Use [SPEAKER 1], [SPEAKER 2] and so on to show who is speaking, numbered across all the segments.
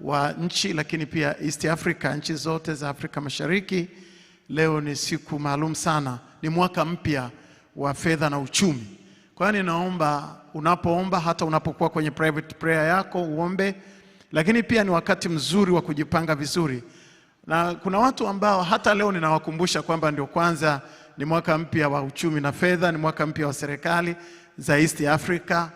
[SPEAKER 1] wa nchi lakini pia East Africa, nchi zote za Afrika Mashariki. Leo ni siku maalum sana, ni mwaka mpya wa fedha na uchumi. Kwa hiyo ninaomba unapoomba, hata unapokuwa kwenye private prayer yako uombe, lakini pia ni wakati mzuri wa kujipanga vizuri, na kuna watu ambao hata leo ninawakumbusha kwamba ndio kwanza ni mwaka mpya wa uchumi na fedha, ni mwaka mpya wa serikali za East Africa.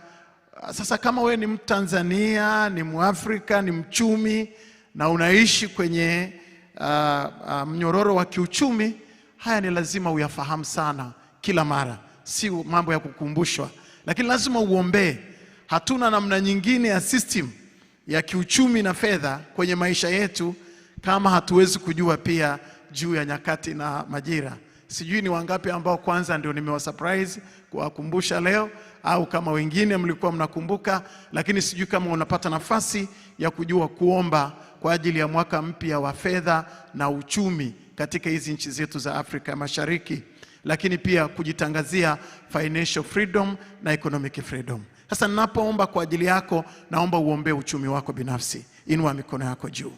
[SPEAKER 1] Sasa kama wewe ni Mtanzania, ni Mwafrika, ni mchumi na unaishi kwenye uh, uh, mnyororo wa kiuchumi, haya ni lazima uyafahamu sana kila mara, si mambo ya kukumbushwa, lakini lazima uombee. Hatuna namna nyingine ya system ya kiuchumi na fedha kwenye maisha yetu kama hatuwezi kujua pia juu ya nyakati na majira. Sijui ni wangapi ambao kwanza ndio nimewasurprise kuwakumbusha leo, au kama wengine mlikuwa mnakumbuka, lakini sijui kama unapata nafasi ya kujua kuomba kwa ajili ya mwaka mpya wa fedha na uchumi katika hizi nchi zetu za Afrika Mashariki, lakini pia kujitangazia financial freedom na economic freedom. Sasa ninapoomba kwa ajili yako, naomba uombee uchumi wako binafsi. Inua mikono yako juu.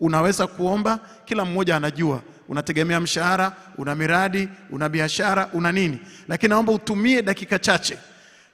[SPEAKER 1] Unaweza kuomba, kila mmoja anajua unategemea mshahara, una miradi, una biashara, una nini, lakini naomba utumie dakika chache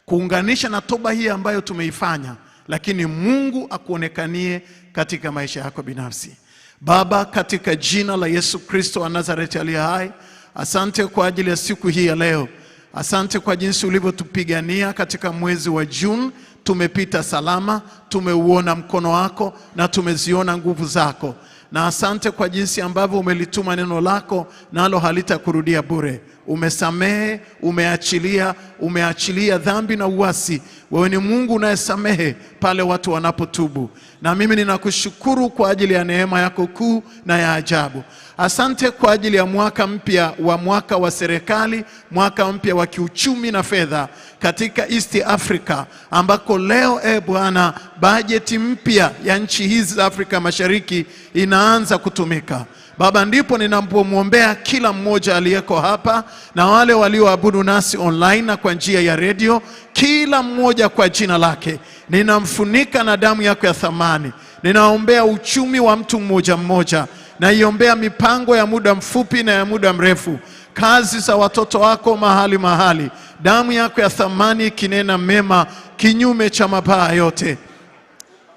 [SPEAKER 1] kuunganisha na toba hii ambayo tumeifanya, lakini Mungu akuonekanie katika maisha yako binafsi. Baba, katika jina la Yesu Kristo wa Nazareti aliye hai, asante kwa ajili ya siku hii ya leo. Asante kwa jinsi ulivyotupigania katika mwezi wa Juni tumepita salama, tumeuona mkono wako na tumeziona nguvu zako, na asante kwa jinsi ambavyo umelituma neno lako nalo halitakurudia bure. Umesamehe, umeachilia, umeachilia dhambi na uasi. Wewe ni Mungu unayesamehe pale watu wanapotubu, na mimi ninakushukuru kwa ajili ya neema yako kuu na ya ajabu. Asante kwa ajili ya mwaka mpya wa mwaka wa serikali, mwaka mpya wa kiuchumi na fedha katika East Africa, ambako leo e Bwana, bajeti mpya ya nchi hizi za Afrika Mashariki inaanza kutumika. Baba, ndipo ninapomwombea kila mmoja aliyeko hapa na wale walioabudu nasi online na kwa njia ya redio, kila mmoja kwa jina lake ninamfunika na damu yako ya thamani. Ninaombea uchumi wa mtu mmoja mmoja naiombea mipango ya muda mfupi na ya muda mrefu, kazi za watoto wako mahali mahali. Damu yako ya thamani kinena mema kinyume cha mabaya yote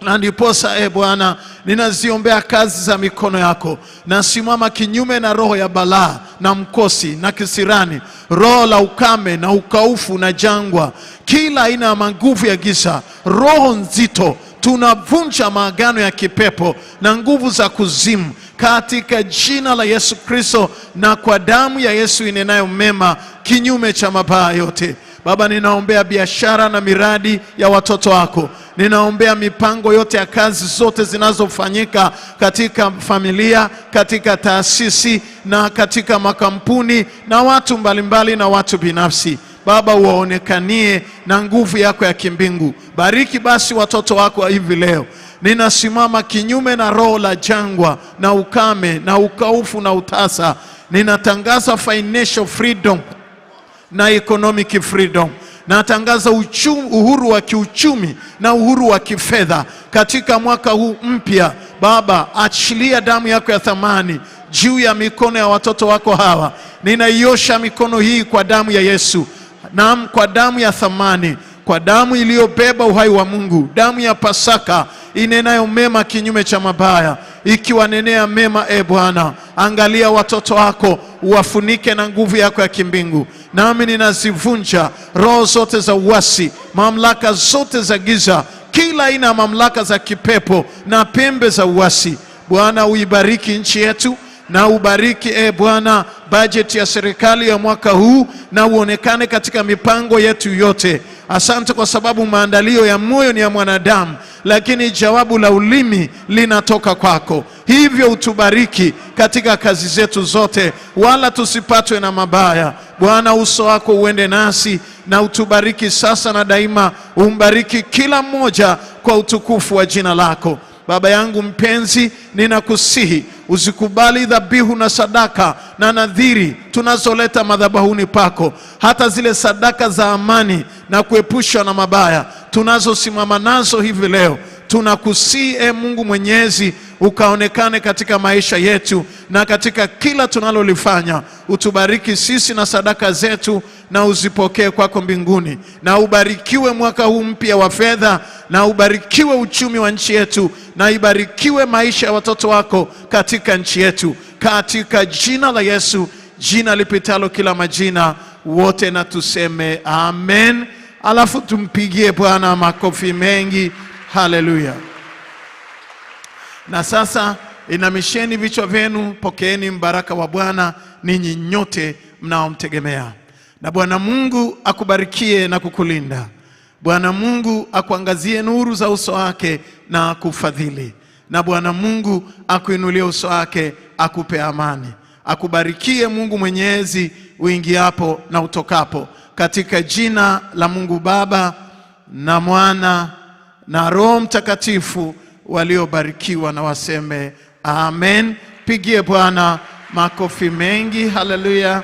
[SPEAKER 1] na ndiposa e Bwana, ninaziombea kazi za mikono yako. Nasimama kinyume na roho ya balaa na mkosi na kisirani, roho la ukame na ukaufu na jangwa, kila aina ya manguvu ya giza, roho nzito tunavunja maagano ya kipepo na nguvu za kuzimu katika jina la Yesu Kristo na kwa damu ya Yesu inenayo mema kinyume cha mabaya yote. Baba, ninaombea biashara na miradi ya watoto wako. Ninaombea mipango yote ya kazi zote zinazofanyika katika familia, katika taasisi na katika makampuni na watu mbalimbali na watu binafsi. Baba, uwaonekanie na nguvu yako ya kimbingu. Bariki basi watoto wako hivi leo ninasimama kinyume na roho la jangwa na ukame na ukaufu na utasa. Ninatangaza financial freedom na economic freedom. Natangaza uchumi, uhuru wa kiuchumi na uhuru wa kifedha katika mwaka huu mpya. Baba, achilia damu yako ya thamani juu ya mikono ya watoto wako hawa. Ninaiosha mikono hii kwa damu ya Yesu, naam, kwa damu ya thamani kwa damu iliyobeba uhai wa Mungu, damu ya Pasaka inenayo mema kinyume cha mabaya, ikiwanenea mema. E Bwana, angalia watoto wako, uwafunike na nguvu yako ya kimbingu. Nami ninazivunja roho zote za uasi, mamlaka zote za giza, kila aina ya mamlaka za kipepo na pembe za uasi. Bwana, uibariki nchi yetu na ubariki e Bwana bajeti ya serikali ya mwaka huu, na uonekane katika mipango yetu yote. Asante kwa sababu maandalio ya moyo ni ya mwanadamu, lakini jawabu la ulimi linatoka kwako. Hivyo utubariki katika kazi zetu zote, wala tusipatwe na mabaya. Bwana, uso wako uende nasi na utubariki sasa na daima. Umbariki kila mmoja kwa utukufu wa jina lako. Baba yangu mpenzi, ninakusihi Usikubali dhabihu na sadaka na nadhiri tunazoleta madhabahuni pako, hata zile sadaka za amani na kuepushwa na mabaya tunazosimama nazo hivi leo tunakusii e Mungu Mwenyezi, ukaonekane katika maisha yetu na katika kila tunalolifanya. Utubariki sisi na sadaka zetu, na uzipokee kwako mbinguni, na ubarikiwe mwaka huu mpya wa fedha, na ubarikiwe uchumi wa nchi yetu, na ibarikiwe maisha ya watoto wako katika nchi yetu, katika jina la Yesu, jina lipitalo kila majina, wote na tuseme amen. Alafu tumpigie Bwana makofi mengi. Haleluya! Na sasa inamisheni vichwa vyenu, pokeeni mbaraka wa Bwana ninyi nyote mnaomtegemea. Na Bwana Mungu akubarikie na kukulinda. Bwana Mungu akuangazie nuru za uso wake na akufadhili. Na Bwana Mungu akuinulie uso wake akupe amani. Akubarikie Mungu Mwenyezi uingiapo na utokapo, katika jina la Mungu Baba na Mwana na Roho Mtakatifu waliobarikiwa na waseme amen. Pigie Bwana makofi mengi, haleluya.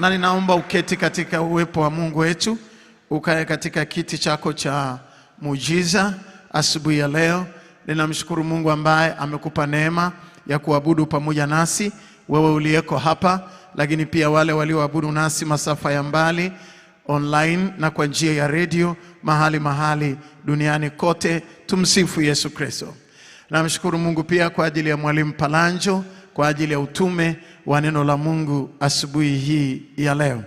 [SPEAKER 1] Na ninaomba uketi katika uwepo wa Mungu wetu, ukae katika kiti chako cha muujiza asubuhi ya leo. Ninamshukuru Mungu ambaye amekupa neema ya kuabudu pamoja nasi, wewe uliyeko hapa, lakini pia wale walioabudu nasi masafa ya mbali online na kwa njia ya redio mahali mahali duniani kote. Tumsifu Yesu Kristo. Namshukuru Mungu pia kwa ajili ya Mwalimu Palanjo kwa ajili ya utume wa neno la Mungu asubuhi hii ya leo.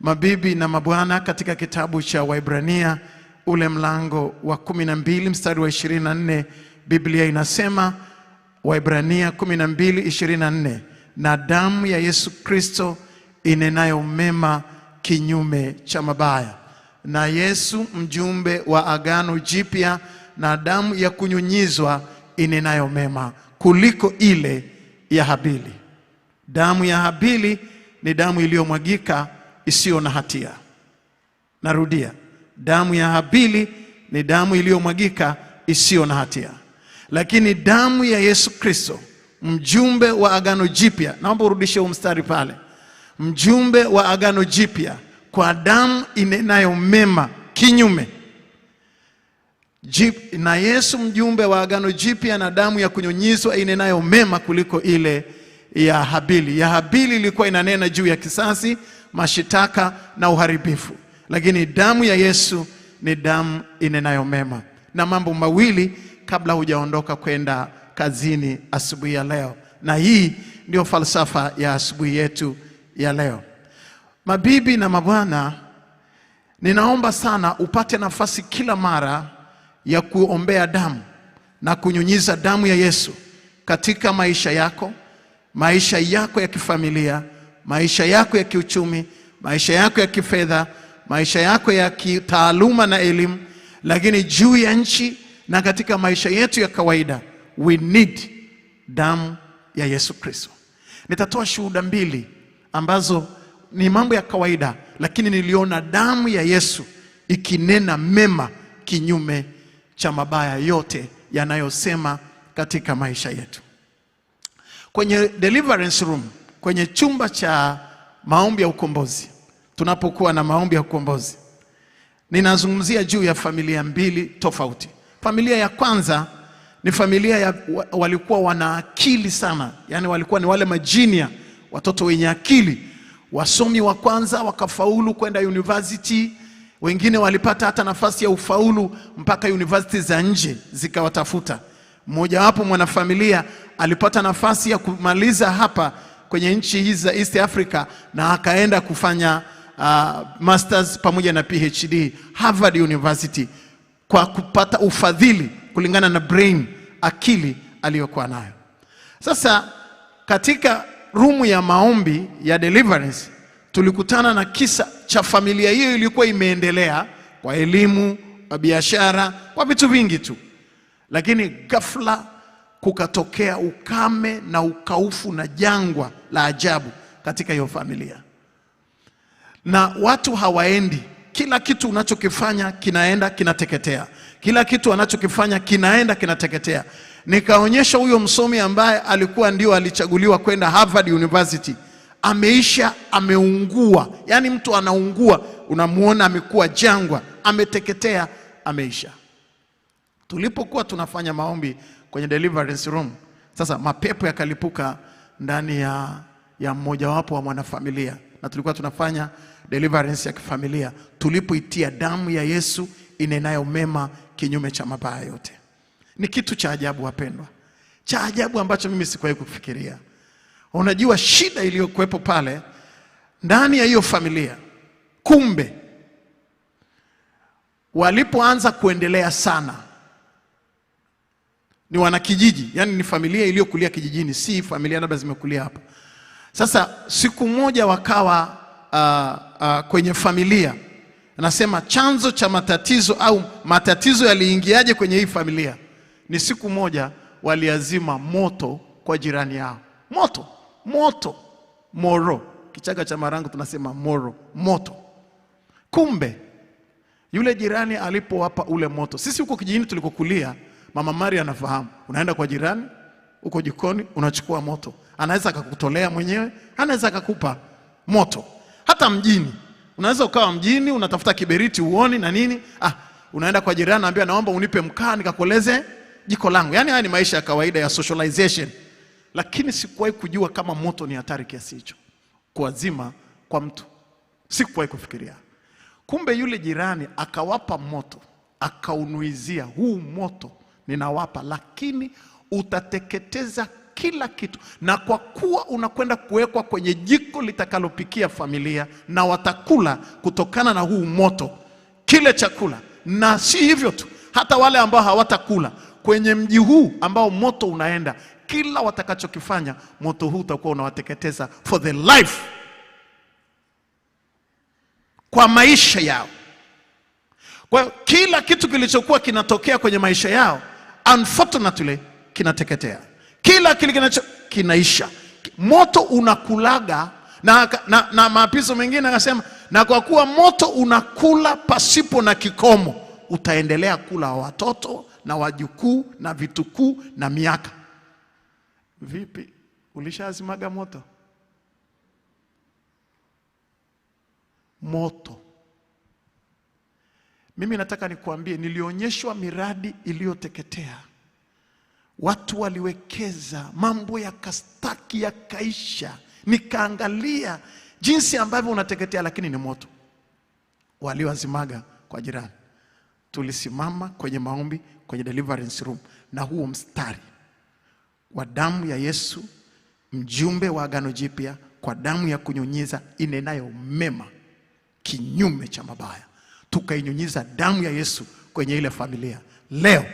[SPEAKER 1] Mabibi na mabwana, katika kitabu cha Waibrania ule mlango wa 12 mstari wa 24, Biblia inasema Waibrania 12:24, na damu ya Yesu Kristo inenayo mema kinyume cha mabaya na Yesu mjumbe wa agano jipya na damu ya kunyunyizwa inenayo mema kuliko ile ya Habili. Damu ya Habili ni damu iliyomwagika isiyo na hatia. Narudia, damu ya Habili ni damu iliyomwagika isiyo na hatia, lakini damu ya Yesu Kristo mjumbe wa agano jipya. Naomba urudishe huu mstari pale, mjumbe wa agano jipya kwa damu inenayo mema kinyume Jip, na Yesu mjumbe wa agano jipya na damu ya kunyunyizwa inenayo mema kuliko ile ya Habili. Ya Habili ilikuwa inanena juu ya kisasi, mashitaka na uharibifu, lakini damu ya Yesu ni damu inenayo mema. Na mambo mawili kabla hujaondoka kwenda kazini asubuhi ya leo, na hii ndio falsafa ya asubuhi yetu ya leo. Mabibi na mabwana, ninaomba sana upate nafasi kila mara ya kuombea damu na kunyunyiza damu ya Yesu katika maisha yako, maisha yako ya kifamilia, maisha yako ya kiuchumi, maisha yako ya kifedha, maisha yako ya kitaaluma na elimu, lakini juu ya nchi na katika maisha yetu ya kawaida. We need damu ya Yesu Kristo. Nitatoa shuhuda mbili ambazo ni mambo ya kawaida, lakini niliona damu ya Yesu ikinena mema kinyume cha mabaya yote yanayosema katika maisha yetu. Kwenye deliverance room, kwenye chumba cha maombi ya ukombozi, tunapokuwa na maombi ya ukombozi, ninazungumzia juu ya familia mbili tofauti. Familia ya kwanza ni familia ya walikuwa wana akili sana, yani walikuwa ni wale majinia, watoto wenye akili Wasomi wa kwanza wakafaulu kwenda university, wengine walipata hata nafasi ya ufaulu mpaka university za nje zikawatafuta. Mmojawapo mwanafamilia alipata nafasi ya kumaliza hapa kwenye nchi hizi za East Africa na akaenda kufanya uh, masters pamoja na PhD Harvard University kwa kupata ufadhili kulingana na brain, akili aliyokuwa nayo. Sasa katika rumu ya maombi ya deliverance tulikutana na kisa cha familia hiyo ilikuwa imeendelea kwa elimu, kwa biashara, kwa vitu vingi tu, lakini ghafla kukatokea ukame na ukaufu na jangwa la ajabu katika hiyo familia, na watu hawaendi. Kila kitu unachokifanya kinaenda kinateketea, kila kitu anachokifanya kinaenda kinateketea. Nikaonyesha huyo msomi ambaye alikuwa ndio alichaguliwa kwenda Harvard University, ameisha ameungua, yaani mtu anaungua, unamwona amekuwa jangwa, ameteketea, ameisha. Tulipokuwa tunafanya maombi kwenye deliverance room, sasa mapepo yakalipuka ndani ya, ya mmojawapo wa mwanafamilia, na tulikuwa tunafanya deliverance ya kifamilia, tulipoitia damu ya Yesu inenayo mema kinyume cha mabaya yote ni kitu cha ajabu wapendwa, cha ajabu ambacho mimi sikuwahi kufikiria. Unajua shida iliyokuwepo pale ndani ya hiyo familia, kumbe walipoanza kuendelea sana ni wanakijiji, yani ni familia iliyokulia kijijini, si familia labda zimekulia hapa. Sasa siku moja wakawa uh, uh, kwenye familia, anasema chanzo cha matatizo au matatizo yaliingiaje kwenye hii familia ni siku moja waliazima moto kwa jirani yao. Moto, moto, moro. Kichaga cha Marangu tunasema moro, moto. Kumbe yule jirani alipowapa ule moto, sisi huko kijijini tulikokulia, mama Maria anafahamu, unaenda kwa jirani huko jikoni, unachukua moto, anaweza akakutolea mwenyewe, anaweza akakupa moto. Hata mjini unaweza ukawa mjini, unatafuta kiberiti uoni na nini, ah, unaenda kwa jirani, anambia naomba unipe mkaa nikakoleze jiko langu. Yaani haya ni maisha ya kawaida ya socialization, lakini sikuwahi kujua kama moto ni hatari kiasi hicho kuwazima kwa mtu, sikuwahi kufikiria. Kumbe yule jirani akawapa moto, akaunuizia, huu moto ninawapa, lakini utateketeza kila kitu, na kwa kuwa unakwenda kuwekwa kwenye jiko litakalopikia familia, na watakula kutokana na huu moto kile chakula, na si hivyo tu, hata wale ambao hawatakula kwenye mji huu ambao moto unaenda, kila watakachokifanya moto huu utakuwa unawateketeza for the life, kwa maisha yao. Kwa hiyo kila kitu kilichokuwa kinatokea kwenye maisha yao unfortunately kinateketea, kila kile kinacho kinaisha, moto unakulaga na, na, na maapiso mengine akasema, na kwa kuwa moto unakula pasipo na kikomo, utaendelea kula watoto na wajukuu na vitukuu na miaka. Vipi, ulishazimaga moto? Moto. Mimi nataka nikuambie, nilionyeshwa miradi iliyoteketea. Watu waliwekeza, mambo yakastaki, yakaisha. Nikaangalia jinsi ambavyo unateketea, lakini ni moto walioazimaga kwa jirani tulisimama kwenye maombi kwenye deliverance room na huo mstari wa damu ya Yesu, mjumbe wa agano jipya kwa damu ya kunyunyiza inenayo mema kinyume cha mabaya, tukainyunyiza damu ya Yesu kwenye ile familia. Leo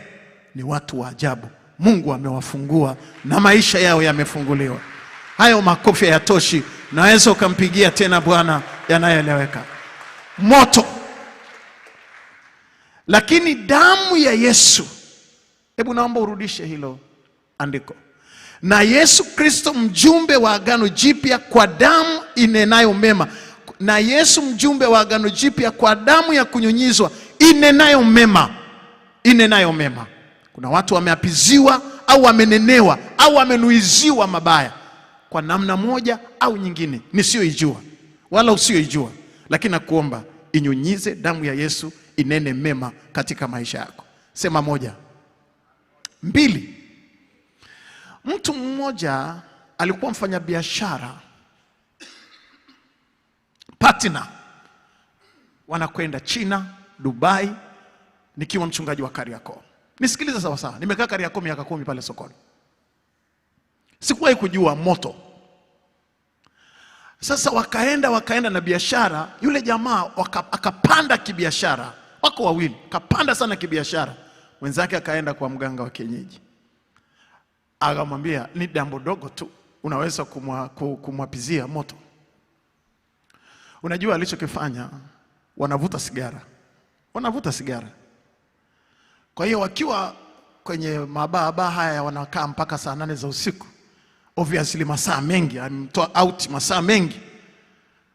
[SPEAKER 1] ni watu wa ajabu, Mungu amewafungua na maisha yao yamefunguliwa. Hayo makofi yatoshi naweza ukampigia tena Bwana yanayoeleweka moto lakini damu ya Yesu, hebu naomba urudishe hilo andiko. Na Yesu Kristo mjumbe wa agano jipya kwa damu inenayo mema. Na Yesu mjumbe wa agano jipya kwa damu ya kunyunyizwa inenayo mema, inenayo mema. Kuna watu wameapiziwa au wamenenewa au wamenuiziwa mabaya kwa namna moja au nyingine, nisiyoijua wala usiyoijua, lakini nakuomba inyunyize damu ya Yesu inene mema katika maisha yako. Sema moja. Mbili, mtu mmoja alikuwa mfanyabiashara partner, wanakwenda China, Dubai, nikiwa mchungaji wa Kariakoo. Nisikilize sawa sawa, nimekaa Kariakoo miaka kumi pale sokoni, sikuwahi kujua moto. Sasa wakaenda wakaenda na biashara, yule jamaa akapanda kibiashara wako wawili, kapanda sana kibiashara. Mwenzake akaenda kwa mganga wa kienyeji, akamwambia ni jambo dogo tu, unaweza kumwapizia moto. Unajua alichokifanya? Wanavuta sigara, wanavuta sigara. Kwa hiyo wakiwa kwenye mabaa haya wanakaa mpaka saa nane za usiku, obviously masaa mengi amemtoa out masaa mengi.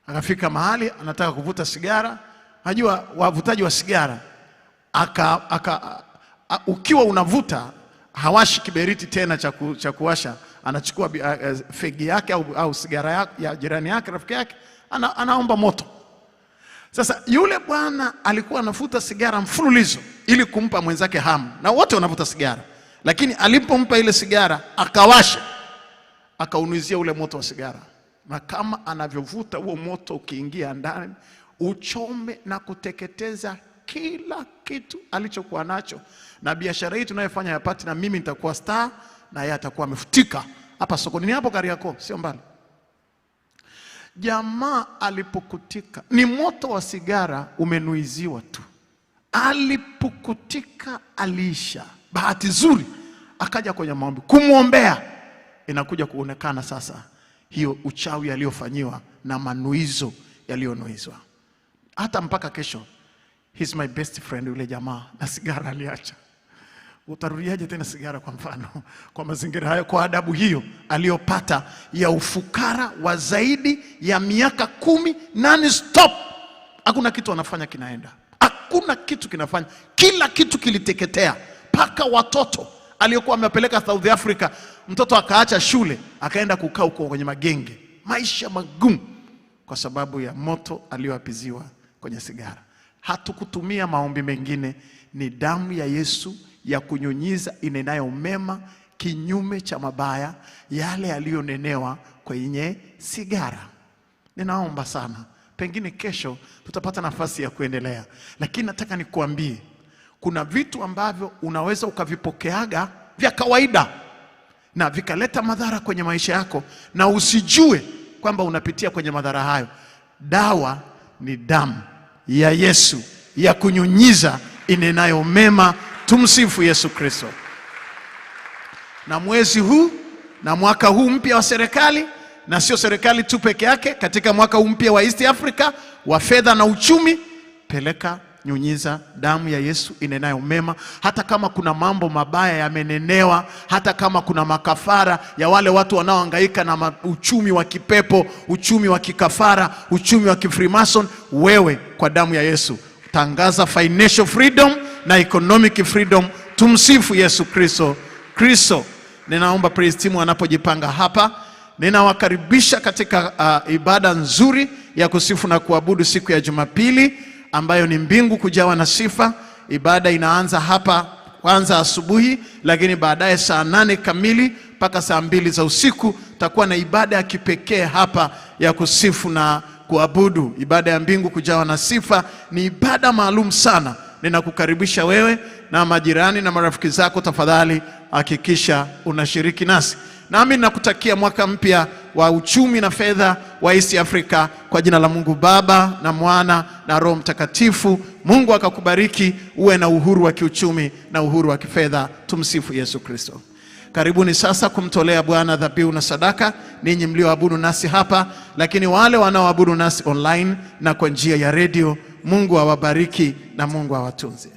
[SPEAKER 1] Akafika mahali anataka kuvuta sigara najua wavutaji wa sigara aka, aka, a, ukiwa unavuta hawashi kiberiti tena cha kuwasha, anachukua fegi yake au, au sigara ya, ya jirani yake rafiki yake ana, anaomba moto. Sasa yule bwana alikuwa anavuta sigara mfululizo ili kumpa mwenzake hamu, na wote wanavuta sigara, lakini alipompa ile sigara akawasha, akaunuizia ule moto wa sigara, na kama anavyovuta huo moto ukiingia ndani uchome na kuteketeza kila kitu alichokuwa nacho, na biashara hii tunayofanya ya pati, na mimi nitakuwa star na yeye atakuwa amefutika hapa sokoni. Ni hapo Kariakoo, sio mbali. Jamaa alipukutika, ni moto wa sigara umenuiziwa tu. Alipukutika, aliisha. Bahati nzuri akaja kwenye maombi kumwombea, inakuja kuonekana sasa hiyo uchawi aliyofanyiwa na manuizo yaliyonuizwa hata mpaka kesho, he's my best friend. Yule jamaa na sigara aliacha. Utarudiaje tena sigara? Kwa mfano, kwa mazingira hayo, kwa adabu hiyo aliyopata ya ufukara wa zaidi ya miaka kumi nani stop, hakuna kitu anafanya kinaenda, hakuna kitu kinafanya, kila kitu kiliteketea, mpaka watoto aliyokuwa amepeleka South Africa, mtoto akaacha shule akaenda kukaa huko kwenye magenge, maisha magumu kwa sababu ya moto aliyoapiziwa kwenye sigara. Hatukutumia maombi mengine, ni damu ya Yesu ya kunyunyiza inenayo mema kinyume cha mabaya yale yaliyonenewa kwenye sigara. Ninaomba sana, pengine kesho tutapata nafasi ya kuendelea, lakini nataka nikuambie kuna vitu ambavyo unaweza ukavipokeaga vya kawaida na vikaleta madhara kwenye maisha yako, na usijue kwamba unapitia kwenye madhara hayo. Dawa ni damu ya Yesu ya kunyunyiza inenayo mema. Tumsifu Yesu Kristo. Na mwezi huu na mwaka huu mpya wa serikali, na sio serikali tu peke yake, katika mwaka huu mpya wa East Africa wa fedha na uchumi, peleka nyunyiza damu ya Yesu inenayo mema. Hata kama kuna mambo mabaya yamenenewa, hata kama kuna makafara ya wale watu wanaohangaika na uchumi wa kipepo, uchumi wa kikafara, uchumi wa kifrimason, wewe kwa damu ya Yesu tangaza financial freedom na economic freedom. Tumsifu Yesu Kristo. Kristo, ninaomba praise team wanapojipanga hapa, ninawakaribisha katika uh, ibada nzuri ya kusifu na kuabudu siku ya Jumapili ambayo ni mbingu kujawa na sifa. Ibada inaanza hapa kwanza asubuhi, lakini baadaye saa nane kamili mpaka saa mbili za usiku takuwa na ibada ya kipekee hapa ya kusifu na kuabudu. Ibada ya mbingu kujawa na sifa ni ibada maalum sana. Ninakukaribisha wewe na majirani na marafiki zako, tafadhali hakikisha unashiriki nasi nami nakutakia mwaka mpya wa uchumi na fedha wa East Africa kwa jina la Mungu Baba na Mwana na Roho Mtakatifu. Mungu akakubariki uwe na uhuru wa kiuchumi na uhuru wa kifedha. Tumsifu Yesu Kristo. Karibuni sasa kumtolea Bwana dhabihu na sadaka, ninyi mlioabudu nasi hapa, lakini wale wanaoabudu nasi online na kwa njia ya redio. Mungu awabariki na Mungu awatunze.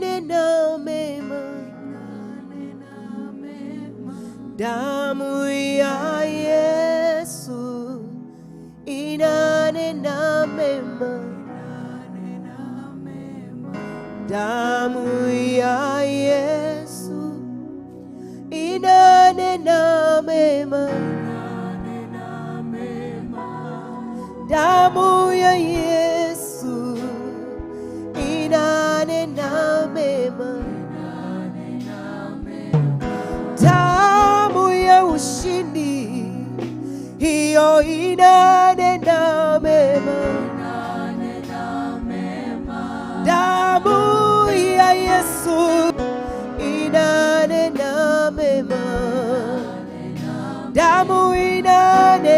[SPEAKER 1] nena mema, damu ya Yesu inanena mema, damu ya Yesu inanena mema, damu ya Yesu na ne na me ma. Damu ya Yesu ina ne na me ma. Damu ina ne